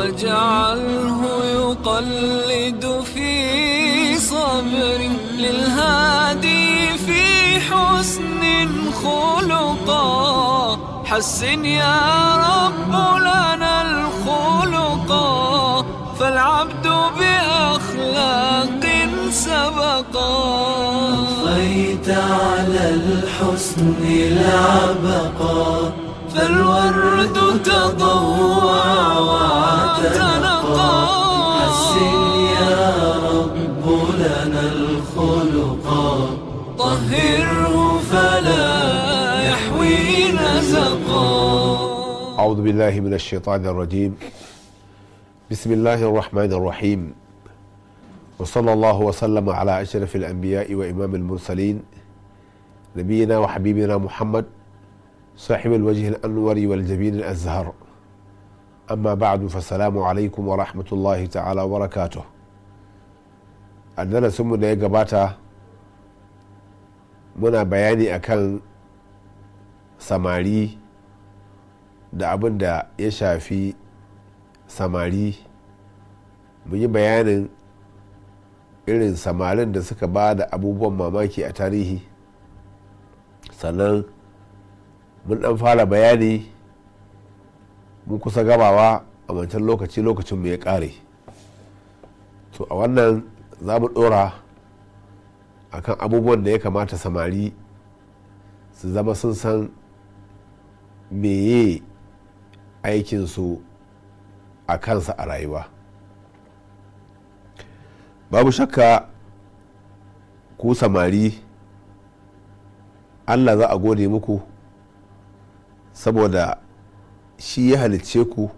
واجعله يقلد في صبر للهادي في حسن خلقا حسن يا رب لنا الخلقا فالعبد بأخلاق سبقا أخفيت على الحسن العبقا فالورد تضوى وتنقى حسن يا رب لنا الخلق طهره فلا يحوي نزقا أعوذ بالله من الشيطان الرجيم بسم الله الرحمن الرحيم وصلى الله وسلم على أشرف الأنبياء وإمام المرسلين نبينا وحبيبنا محمد صاحب الوجه amma والجبين الأزهر أما بعد فالسلام عليكم ورحمة الله تعالى وبركاته أننا ya gabata muna bayani akan samari da abinda ya shafi samari muyi bayanin irin samarin da suka ba da abubuwan mamaki a tarihi sannan mun dan fara bayani mun kusa gabawa a wancan lokaci lokacin mu ya kare to a wannan za mu dora akan abubuwan da ya kamata samari su zama sun san meye aikinsu a kansa a rayuwa babu shakka ku samari allah za a gode muku saboda shi ya halicce ku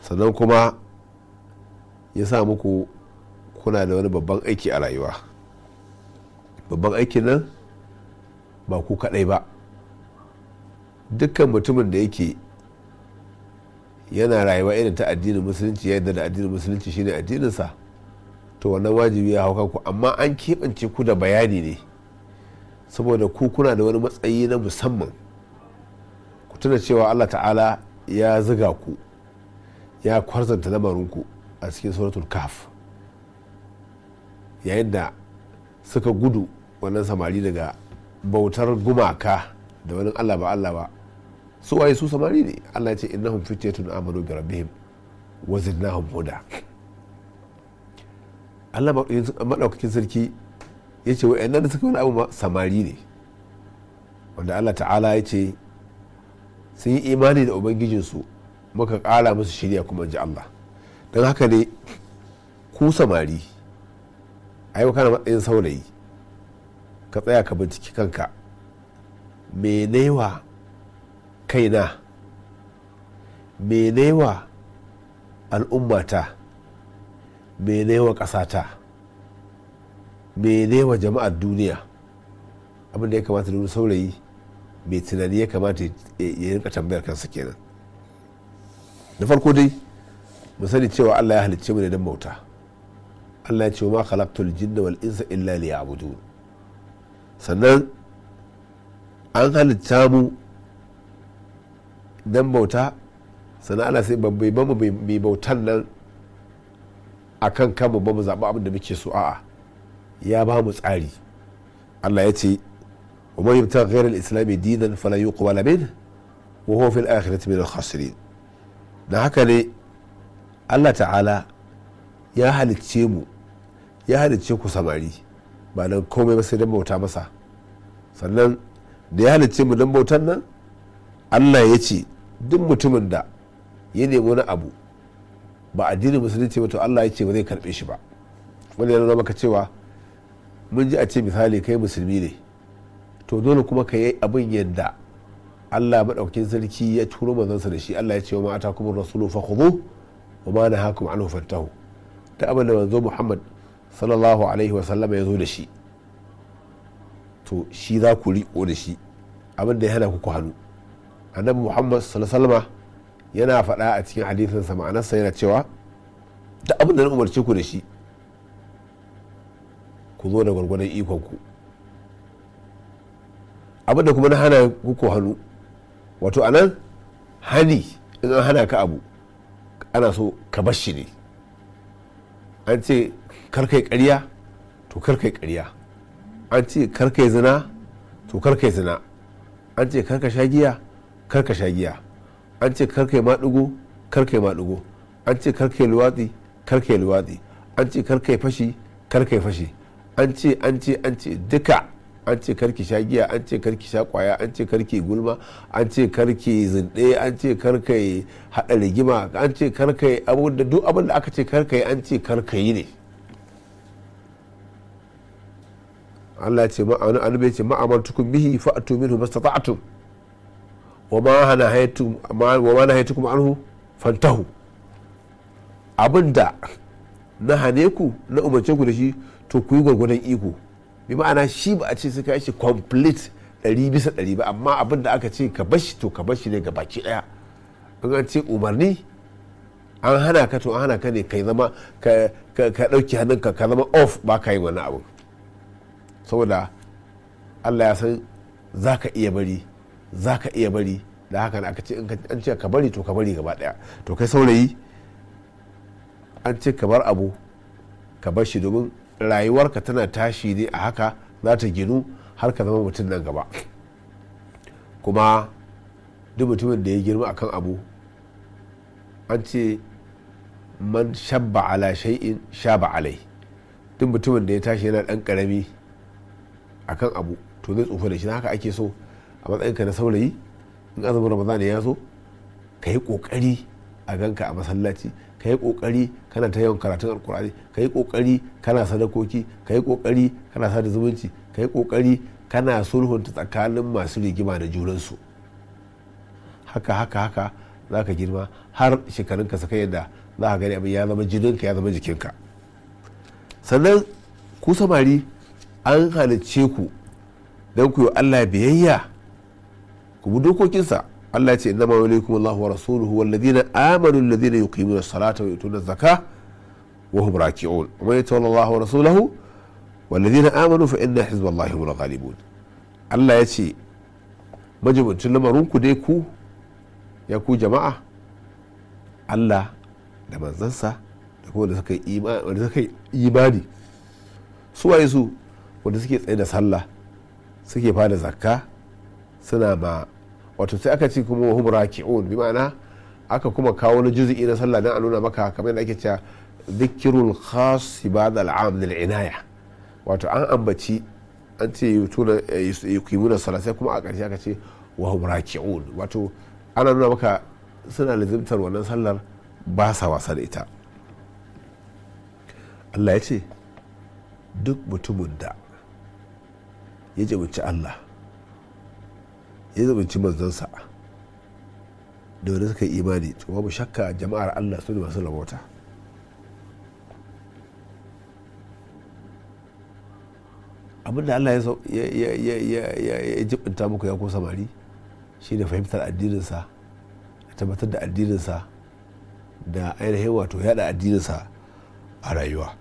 sannan kuma ya sa muku kuna da wani babban aiki a rayuwa babban aikin nan ba ku kadai ba dukkan mutumin da yake yana rayuwa irin ta addinin musulunci ya da addinin musulunci shine addininsa to wannan wajibi ya hauka ku amma an keɓance ku da bayani ne saboda ku kuna da wani matsayi na musamman tuna cewa allah ta'ala ya ziga ku ya kwarzanta lamarinku a cikin suratul kaf yayin da suka gudu wannan samari daga bautar gumaka da wani allah ba allah ba su waye su samari ne allah ya ce innahum fitatun amanu bi rabbihim wa zidnahum huda allah maɗaukakin sarki ya ce wa'annan da suka wani abu ma samari ne wanda allah ta'ala ya ce sun yi imani da ubangijinsu muka ƙara musu shirya kuma ji Allah don haka ne ku samari a yau kana matsayin saurayi ka tsaya ka binciki kanka menewa kaina menewa al'ummata menewa ƙasata menewa jama'ar duniya abinda da ya kamata da saurayi mai tunani ya kamata ya rinka tambayar kansa kenan da farko dai mu sani cewa Allah ya halicce mu ne don bauta Allah ya ce ma khalaqtul jinna wal insa illa liya'budun sannan an halitta mu dan bauta sannan Allah sai bai ba mu mai bautan nan akan kanmu ba mu zaɓi abin da muke so a'a ya ba mu tsari Allah ya ce ومن يبتغي غير الاسلام دينا فلا يقبل منه وهو في الآخرة من الخاسرين da haka ne Allah ta'ala ya halicce mu ya halicce ku samari ba nan komai ba sai don bauta masa sannan da ya halicce mu don bautan nan Allah ya ce duk mutumin da ya nemo na abu ba addinin musulunci ba to Allah ya ce ba zai karbe shi ba wani yana maka cewa mun ji a ce misali kai musulmi ne to dole kuma ka yi abin yadda Allah maɗaukin sarki ya turo manzansa da shi Allah ya ce wa ma'ata kuma rasulu fa kuma wa ma nahakum anhu fantahu ta abin da manzo Muhammad sallallahu alaihi wa sallama ya zo da shi to shi za ku riƙo da shi abin da ya hana kuku hannu annabi Muhammad sallallahu alaihi wa sallama yana faɗa a cikin hadisinsa ma'anarsa yana cewa ta abin da na umarci ku da shi ku zo da gwargwadon ikonku ku abin da kuma na hana ku hannu wato a nan hani in an hana ka abu ana so ka bar shi ne an ce karkai karya to karkai karya an ce karkai zina to karkai zina an ce karka sha giya karka sha giya an ce karkai maɗigo karkai maɗigo an ce karkai luwatsi karkai luwatsi an ce karkai fashi karkai fashi an ce an ce an ce duka an ce karki sha giya an ce karki sha kwaya an ce karki gulma an ce karki zinde an ce karkai hada rigima an ce karkai abun da duk abin da aka ce karkai an ce karkai ne Allah ce ma an annabi ce ma amartukum bihi fa'tu minhu mastata'tum wa ma hana haytum wa ma nahaytukum anhu fantahu abinda na hane ku na umarce ku da shi to ku yi gwargwadon iko bi ma'ana shi ba a ce sai ka shi complete ɗari bisa ɗari ba amma abin da aka ce ka bashi to ka bashi ne ga baki ɗaya in an ce umarni an hana ka to an hana ka ne ka zama ka ɗauki hannunka ka zama off ba ka yi wani abu saboda allah ya san za ka iya bari za ka iya bari da haka aka ce an ce ka bari to ka bari gaba ɗaya to kai saurayi an ce ka bar abu ka bar shi domin rayuwarka tana tashi ne a haka za ta ginu har ka zama mutum nan gaba kuma duk mutumin da ya girma akan abu an ce man shabba ala shay'in shaba alai duk mutumin da ya tashi yana dan karami akan abu to zai tsufa da shi haka ake so a matsayinka na saurayi in azumin ramadan ya zo ka yi kokari a ganka a masallaci ka yi kokari kana ta yawan karatun alkur'ani ka yi kokari kana sadakoki ka yi kokari kana sada zumunci ka yi kokari kana sulhunta tsakanin masu rigima da junansu haka haka haka za ka girma har shekarunka ka kai da za ka gani abin ya zama jininka ya zama jikinka sannan ku samari an halicce ku don ku yi allah biyayya ku bi dokokinsa Allah ya ce inna ma walikum Allah wa rasuluhu ladina amanu alladhina yuqimuna as-salata wa yutuna az-zakata wa hum raki'un wa man yatawalla Allah wa rasulahu ladina amanu fa inna hizballahi humul ghalibun Allah ya ce majibincin lamarin ku dai ku ya ku jama'a Allah da manzansa da kuma da suka yi imani su waye su wanda suke tsaye da sallah suke fada zakka suna ba. wato sai aka ce kuma wa hum raki'un bi ma'ana aka kuma kawo wani juzi'i na sallah dan a nuna maka kamar yadda ake cewa dhikrul khas da al'am lil inaya wato an ambaci an ce yutuna yuqimuna salat sai kuma a karshe aka ce wa raki'un wato ana nuna maka suna lazimtar wannan sallar ba sa wasa da ita Allah ya ce duk mutumin da ya jabuci Allah ya zumunci manzansa da wani suka yi imani to babu shakka jama'ar allah su ne masu labota abinda allah ya jibinta muku ya ko samari shi ne fahimtar addininsa ya tabbatar da addininsa da ainihin wato yada addininsa a rayuwa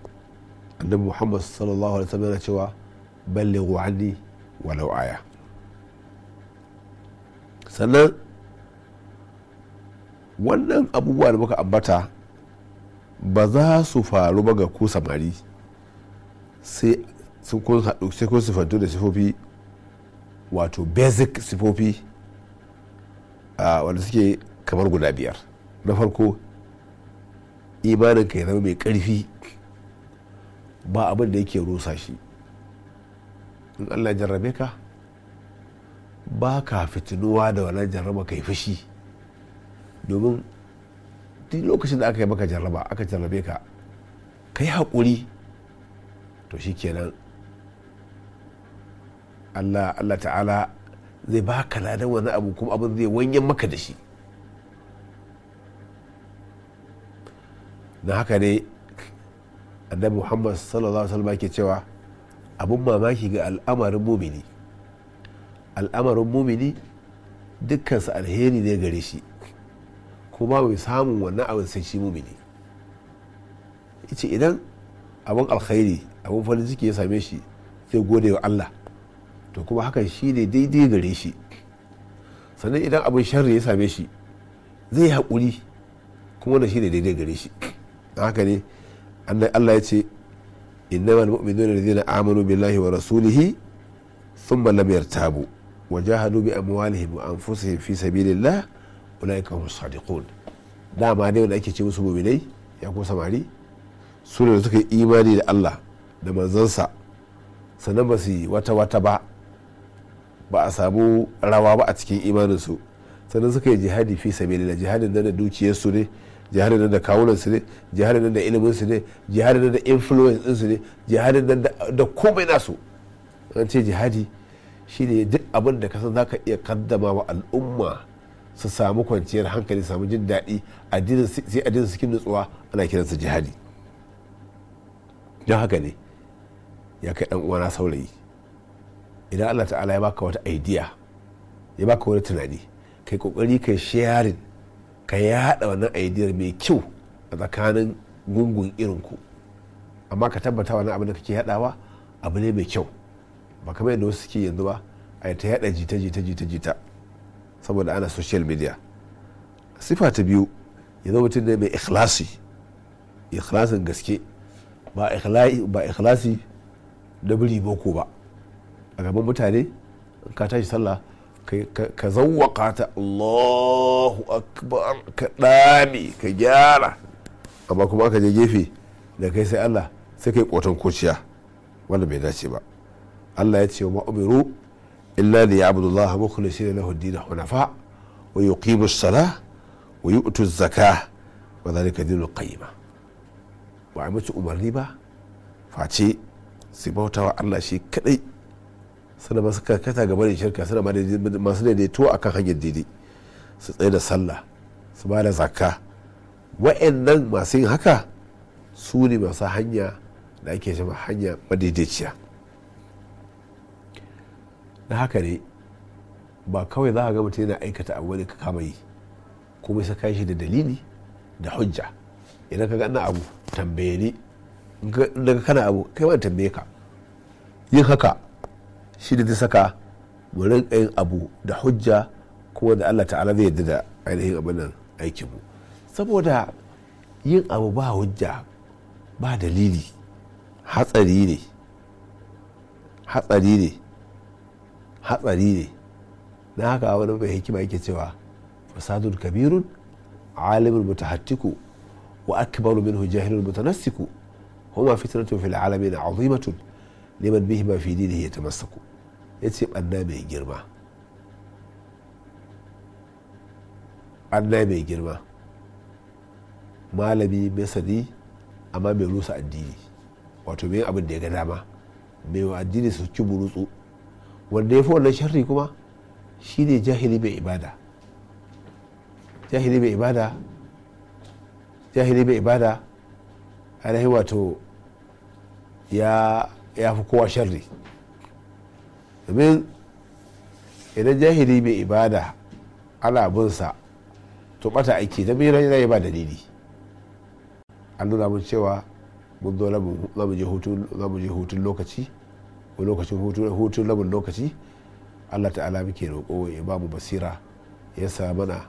annabi muhammad sallallahu alaihi wasallam yana cewa balle anni walau aya sannan wannan abubuwa da muka ambata ba za su faru ba ga ku samari sai kun haɗu sai kun sifantu da sifofi wato basic sifofi wanda suke kamar guda biyar na farko imanin ka zama mai ƙarfi ba abin da yake rusa shi in allah jarrabe ka ba ka fitinuwa da wannan jarraba kai fushi domin duk lokacin da aka yi maka jarraba aka jarrabe ka ka yi haƙuri to shi kenan allah allah ta'ala zai ba ka ladan wani abu kuma abin zai wanyan maka da shi na haka ne annabi muhammad sallallahu alaihi wasallam ke cewa abin mamaki ga al'amarin mumini al'amarin mumini dukkansa alheri ne gare shi kuma mai samun wannan abin sai shi mumini ce idan abin alkhairi abin farin ciki ya same shi zai gode wa Allah to kuma hakan shi ne daidai gare shi sannan idan abin sharri ya same shi zai haƙuri kuma da shi ne daidai gare shi haka ne Allah ya ce innamal mu'minuna allazina amanu billahi wa rasulihi thumma lam yartabu wajahadu bi amwalihim wa anfusihim fi sabilillah ulaika hum sadiqun dama dai wanda ake ce musu mu dai ya ko samari su da suka yi imani da Allah da manzansa sannan ba su yi wata wata ba ba a samu rawa ba a cikin imaninsu sannan suka yi jihadi fi sabilillah jihadin nan da dukiyarsu ne jihadin nan da kawunansu ne jihadin nan da iliminsu ne jihadin nan da influence ɗinsu ne jihadin nan da komai nasu an ce jihadi shine duk abin da kasa za ka iya kaddama wa al'umma su samu kwanciyar hankali samu jin daɗi sai addinin su nutsuwa ana kiransa jihadi don haka ne ya kai ɗan uwana saurayi idan allah ta'ala ya baka wata idea ya baka wani tunani kai kokari kai sharing ka yaɗa wannan idea mai kyau a tsakanin gungun irinku amma ka tabbata wannan abin da kake yaɗawa abu ne mai kyau ba kamar yadda wasu ke yanzu ba a ta yada jita jita jita jita saboda ana social media sifa ta biyu ya zama mutum ne mai ikhlasi ikhlasin gaske ba ikhlasi da biri boko ba a gaban mutane ka tashi sallah ka zawwaka ta allahu akbar ka dami ka gyara amma kuma ka je gefe da kai sai allah sai kai kotan kociya wanda bai dace ba Allah ya ce wa ma'umiru illa li ya'budu Allah mukhlisina na hudu din hunafa wa yuqimu as-salah wa yu'tu az-zakah wa ka dinul qayyima ba a mutu umarni ba face su bauta wa Allah shi kaɗai suna masu karkata game da shirka suna masu daidaito a kan hanyar daidai su tsaye da sallah su ba da zakka wa'annan masu yin haka su ne masu hanya da ake shama hanya madaidaiciya na haka ne ba kawai za a ga mutum yana aikata abu ne ka kama yi kuma sai kai shi da dalili da hujja idan ka ga abu tambaye ni daga kana abu kai ma tambaye ka yin haka shi da zai saka mu rinka yin abu da hujja kuma da Allah ta'ala zai yarda da ainihin abin nan aikin mu saboda yin abu ba hujja ba dalili hatsari ne hatsari ne hatsari ne na haka wani mai hikima yake cewa fasadun kabirun alimin mutahattiku wa akbaru minhu jahilun mutanassiku huma fitnatun fil alamin azimatun liman bihi ma fi dinihi yatamassaku yace banna mai girma banna mai girma malami mai sani amma mai rusa addini wato mai abin da ya ga dama mai wa addini su ci burutsu wanda ya fi wannan sharri kuma shi ne jahili mai ibada jahili mai ibada jahili mai ibada ainihin wato ya fi kowa sharri domin idan jahili mai ibada ana binsa to bata aiki da biran yana ba dalili an nuna mun cewa mun zo za mu je hutun lokaci ko lokacin hutun rabin lokaci allah ta'ala muke roƙo ya ba mu basira ya sa mana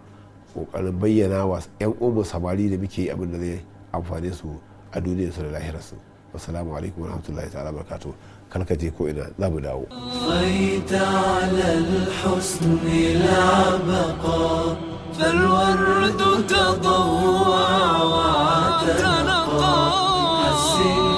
ƙoƙarin bayyana wa 'yan umar samari da muke abin da zai amfane su a duniya su da lahirarsu wasalamu alaikum wa rahmatullahi ta'ala barkatu kalka ko ina za mu dawo فالورد تضوع وتنقى حسين